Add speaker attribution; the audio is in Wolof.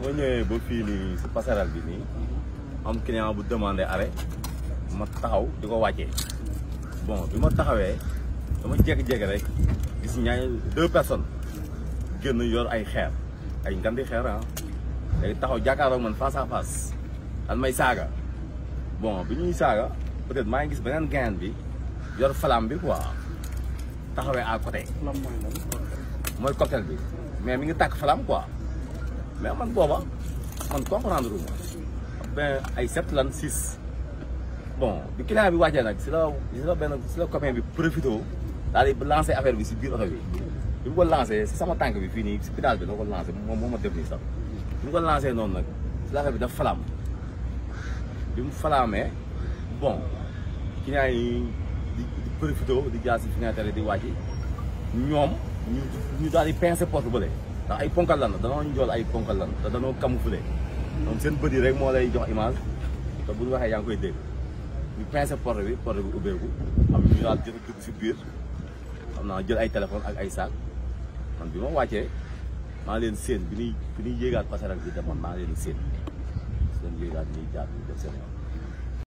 Speaker 1: su ñëwee ba fii nii si passerelle bi nii am client bu demandé arrêt ma taxaw di ko wàcce bon bi ma taxawee dama jékki-jékki rek gis ñaari deux personnes génn yor ay xeer ay ngandi xeer ah léegi taxaw jàkkaaroog man face à face may saaga bon bi ñuy saaga peut-être maa ngi gis beneen gain bi yor falaam bi quoi taxawee à côté. mooy cocktail bi mais mi ngi takk flamme quoi. mais man booba man comprendre ma ben ay 7 lan 6 bon bi client bi wàccee nak si la si la benn si la copain bi profito d'aller lancer affaire bi ci biir oto bi bi mu ko lancé si sama tank bi fini ci pedal bi la lancer lancé moom moo ça def bi ko lancer non nak si la affaire bi da falaam bi mu flamé bon client yi di di profité di jaar si fenêtre di wàcc ñom ñu ñu daal di pincé porte bële da iphone kan la da non jol iphone kan la da da no camoufle non sen beudi rek mo lay jox image da bu waxe yang koy deg ni pensé porte bi porte bi ubeku am ni la jël ci ci bir amna jël ay téléphone ak ay sac man bima wacce ma len sen bi ni bi ni yegal passerak bi demone ma len sen sen yegal ni jaar ni def sen yone